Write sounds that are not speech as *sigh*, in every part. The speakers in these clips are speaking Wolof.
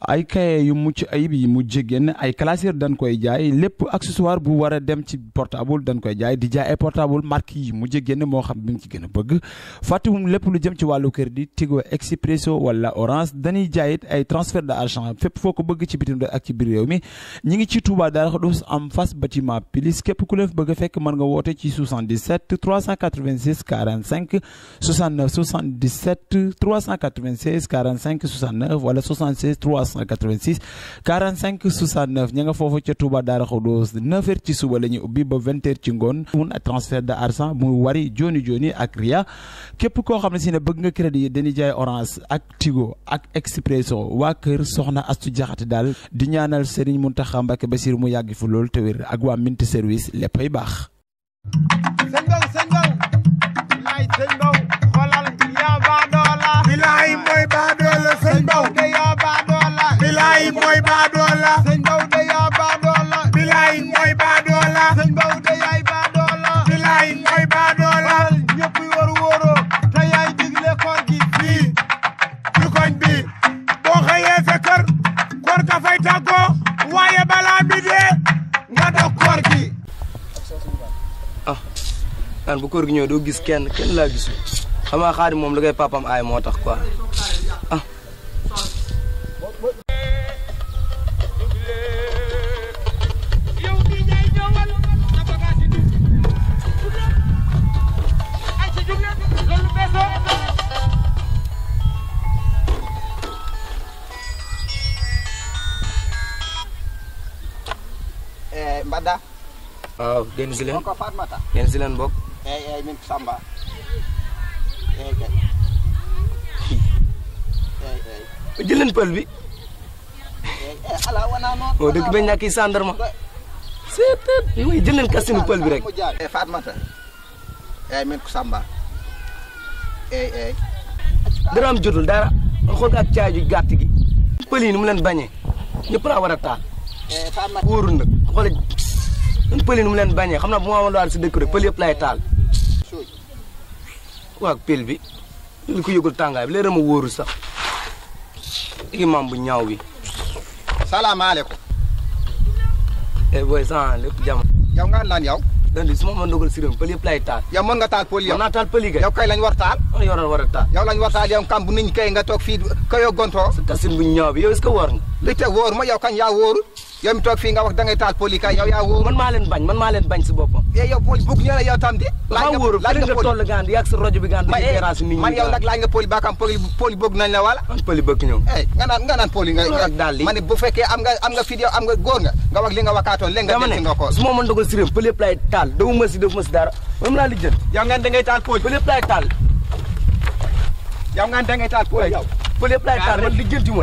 ay kaye yu mucc ayib yi mujj génn ay classeur dañ koy jaay lépp accessoire bu war a dem ci portable dañ koy jaay di jaay ay portable marque yi mu mujj génn moo xam bi mu ci gën a bëgg fàttewum lépp lu jëm ci wàllu crédit Tigo Expresso wala Orange dañuy jaayit ay transfert d'argent fépp foo ko bëgg ci bitim ak ci biir réew mi ñi ngi ci Touba Darou Khoudoss am face bâtiment pilis képp ku la bëgg a fekk mën nga woote ci 77 386 45 69 77 396 45 69 wala 76 3 386 45 69 ña nga foofu ca Touba Daara Khoudous 9h ci suba la ñuy ubbi ba 20h ci ngoon mun transfert de argent muy wari joni joni ak ria képp koo xam ne si ne bëgg nga crédit dañuy jaay orange ak tigo ak expresso waa kër soxna astu jaxate daal di ñaanal Serigne Mountakha Mbacké Bassir mu yàgg fu loolu te wér ak waa Mint service léppay baax mooy baadoola sëñ Daouda mooy baadoola sëñ Daouda yaay baadoola bilaay ñëpp wóor wóoroo te yaay digle koor gi fii ci koñ boo xëyee sa koor ka fay waaye balaa bi dee nga dog koor gi ah naan bu koor gi ñëw doo gis kenn kenn laa gisul xamaa xaari moom li koy papam aay moo tax quoi badda waaw den zilen bok eyyi eyyi pël bi eh, eh, ala wona noon o dëkk ɓe ñakki gendarme setet yoy jëlen kastinu pël bi rek e fatmata dara am jotul dara caaju gàtt gi pël yi ni mu leen bañee ñëpp laa taal Eh, wóorul nag xoolal ñun pël yi nu mu leen bañee xam naa bu ma amoon daal si dëkk rek pël yëpp lay taal. waaw pël bi li ko yëgul tàngaay bi léeg ma wóorul sax imam bu ñaw bi. salaamaaleykum. Eh, booy san lépp jàmm. yow nga naan yow. dégg nga su ma mën dogal si réew lay taal. yow mën nga taal pël yow mën naa taal pël kay. yow kay lañ war taal. yow lañ war a taal. yow lañ war taal yow kam bu nit bu ñaaw bi yow est-ce que wóor teg wóor ma yow kañ yaa wóorul. yow mi toog fii nga wax da ngay taal poli kay yow yaa man maa bañ man maa bañ si boppam e eh, poli bugg ñoo la yow tam di laaj wóor laaj nga toll gaan yàgg sa rajo bi gaan eh, nit ñi man yow nag laaj nga poli baakam poli poli nañ la wala poli bëgg ñëw ey nga naan poli nga daal li ma ne bu fekkee am nga am nga fi yow am nga góor nga nga nga wakaatoon léegi poli poli poli yëpp laay taal yow ngeen poli poli yëpp laay taal man lijjënti *laughs*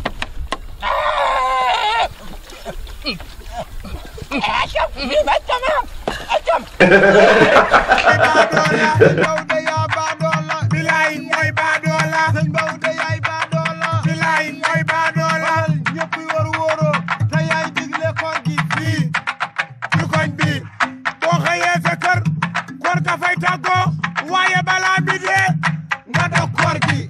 Atyam, atyam, atyam. Baadoola, sëñ Bawde yaa baadoola. Bilaay mooy baadoola. Sëñ Bawde yaay baadoola. Bilaay mooy baadoola. Ñëpp wóor wóoroo. Te yaay digle koor gi fii ci koñ bi. Boo xëyee kër koor ka fay tàggoo waaye balaa bi dee nga dog koor gi.